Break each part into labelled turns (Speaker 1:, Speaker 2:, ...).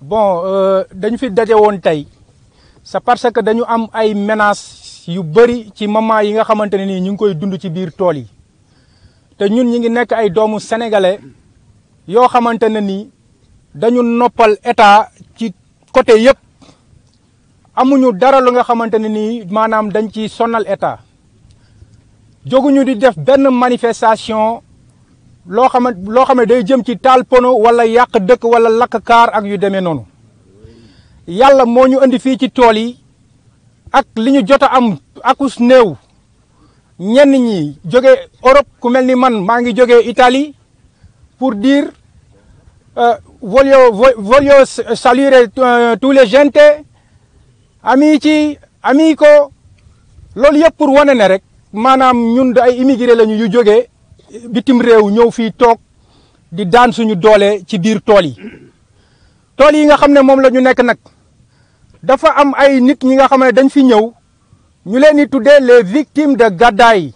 Speaker 1: bon euh, dañu fi daje woon tey c'est parce que dañu am ay menaces yu bëri ci moment yi nga xamante ne nii ñu ngi koy dund ci biir tool yi te ñun ñi ngi nekk ay doomu sénégalais yoo xamante ne nii dañu noppal état ci côté yëpp amuñu dara lu nga xamante ne nii maanaam dañ ci sonal état joguñu di def benn manifestation. loo xama loo xam ne day jëm ci taal pono wala yàq dëkk wala lakk kaar ak yu demee noonu yàlla moo ñu indi fii ci tool yi ak li ñu jot a am akus néew ñenn ñi jóge Europe ku mel ni man maa ngi jógee Italie pour dire euh, voglio voglio salire euh, tous les gente ci amico loolu yëpp pour wane ne rek maanaam ñun ay immigré ñu yu jógee bitim réew ñëw fii toog di daan suñu doole ci biir tool yi tool yi nga xam ne moom lañu nekk nag dafa am ay nit ñi nga xam ne dañ fi ñëw ñu leen di tuddee les victimes de gàddaay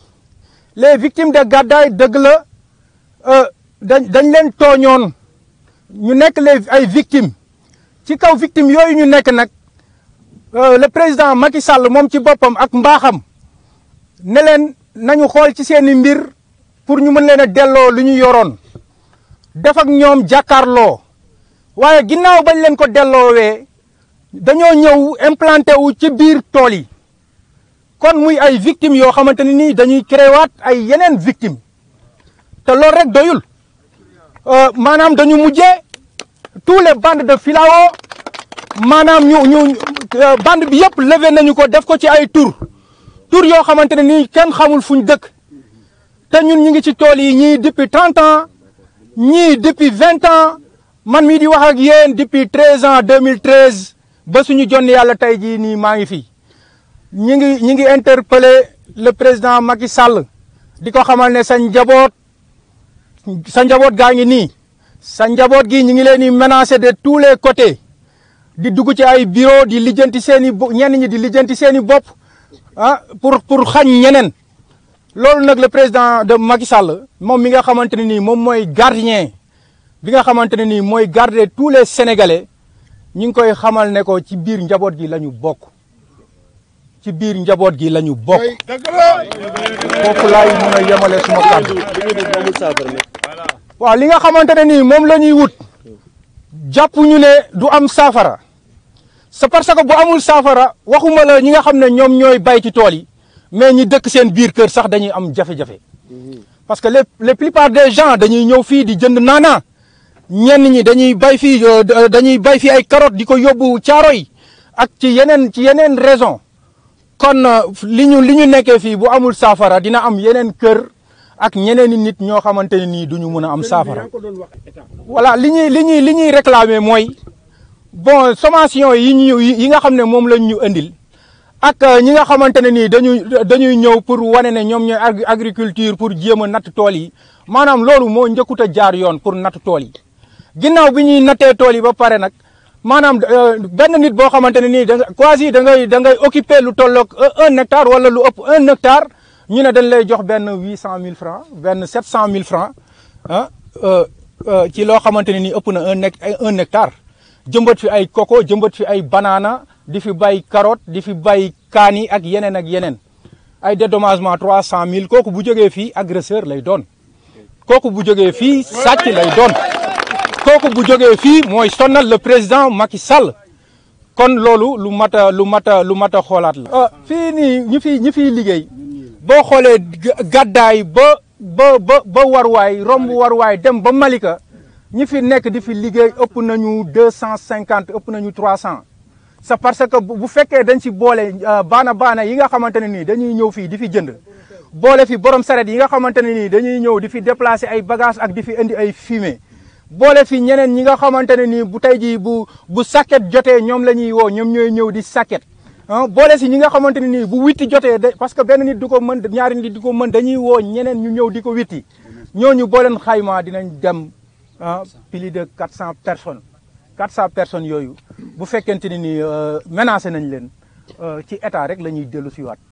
Speaker 1: les victimes de gàddaay dëgg la euh, dañ dañ leen tooñoon ñu nekk les ay victimes ci kaw victimes yooyu ñu nekk nag euh, le président Macky Sall moom ci boppam ak mbaaxam ne leen nañu xool ci seeni mbir pour ñu mën leen a delloo lu ñu yoroon def ak ñoom jàkkaarloo waaye ginnaaw bañ leen ko delloowee dañoo ñëw implanté wu ci biir tool yi kon muy ay victimes yoo xamante ne ni dañuy crewaat ay yeneen victimes te loolu rek doyul euh, maanaam dañu mujjee tous les bandes de filao maanaam ñu ñu euh, bande bi yëpp levé nañu ko def ko ci ay tur tur yoo xamante ne ni kenn xamul fu ñu dëkk. té ñun ñi ngi ci tool yi ñi depuis 30 ans ñi depuis 20 ans man mi di wax ak yeen depuis 13 ans 2013 ba suñu jonn yalla tay ji ni ma ngi fi ñi ngi ñi ngi interpeller le président Macky Sall di xamal ne sa njabot sa njabot ga ngi ni sa njabot gi ñi ngi leen di de tous les côtés di dugg ci ay bureau di lijeenti seeni ñen ñi di lijeenti seeni bop ah pour pour xagn ñenen loolu nag le président de Macky Sall moom mi nga xamante ne nii moom mooy gardien bi nga xamante ne nii mooy garder tous les sénégalais ñu ngi koy xamal ne ko ci biir njaboot gi la ñu bokk ci biir njaboot gi lañu ñu bokk foofu laay mën a yemale suma kàddu waaw li nga xamante ne nii moom la ñuy wut jàpp ñu ne du am saafara c'est parce que bu amul saafara waxuma la ñi nga xam ne ñoom ñooy bay ci tool yi mais ñi dëkk seen biir kër sax dañuy am jafe-jafe parce que les les plupart des gens dañuy ñëw fii di jënd naanaa ñenn ñi dañuy bay fii euh, euh, dañuy bay fii ay karot di ko yóbbu caaro yi ak ci yeneen ci yeneen raison kon euh, li ñu li ñu nekkee fii bu amul saafara dina am yeneen kër ak ñeneen i nit ñoo xamante ne nii du ñu mën a am saafara voilà li ñuy li ñuy li ñuy réclamer mooy bon sommation yi ñu yi nga xam ne moom lañ ñu indil ak euh, ñi nga xamante ne nii dañuy dañuy ñëw pour wane ne ñoom ñooy agriculture pour jéem a natt tool yi maanaam loolu moo njëkkut a jaar yoon pour natt tool yi ginnaaw bi ñuy nattee tool yi ba pare nag maanaam euh, benn nit boo xamante ne nii da nga quasi dangay ngay da ngay occupé lu tolloog euh, un hectare wala lu ëpp un hectare ñu ne dañ lay jox benn huit cent mille franc benn sept cent mille franc ah ci loo xamante ne nii ëpp na un un hectare jëmbat fi ay coco jëmbat fi ay banana di fi bay carotte di fi bay kaani ak yeneen ak yeneen ay dédommagement trois cent mille kooku bu jógee fii agresseur lay doon kooku bu jógee fii sàcc lay doon kooku bu jógee fii mooy sonal le président Macky Sall kon loolu lu mat a lu mat a lu mat a xoolaat la. Ah, fii nii ñu fi ñu fiy liggéey boo xoolee gàddaay ba ba waruwaay romb waruwaay dem ba Malika ñi fi nekk di fi liggéey ëpp nañu deux cent cinquante ëpp nañu trois cent. sa parce que bu fekkee dañ si boole euh, baana baana yi nga xamante ne nii dañuy ñëw fii di fi jënd boole fi borom saret yi nga xamante ni dañuy ñëw di fi déplacer ay bagages ak di fi indi ay fumier boole fi ñeneen ñi nga xamante ne nii bu tey jii bu bu sàkket jotee ñoom la ñuy woo ñoom ñooy ñëw di sàkket ah boole si ñi nga xamante ne nii bu witti jotee da parce que benn nit du ko mën ñaari nit di ko mën dañuy woo ñeneen ñu ñëw di ko witti ñooñu boo leen xayma dinañ dem ah plus de 400 personnes. 400 personnes yooyu bu fekkente ne ni euh, menacé nañ leen euh, ci état rek la ñuy dellu siwaat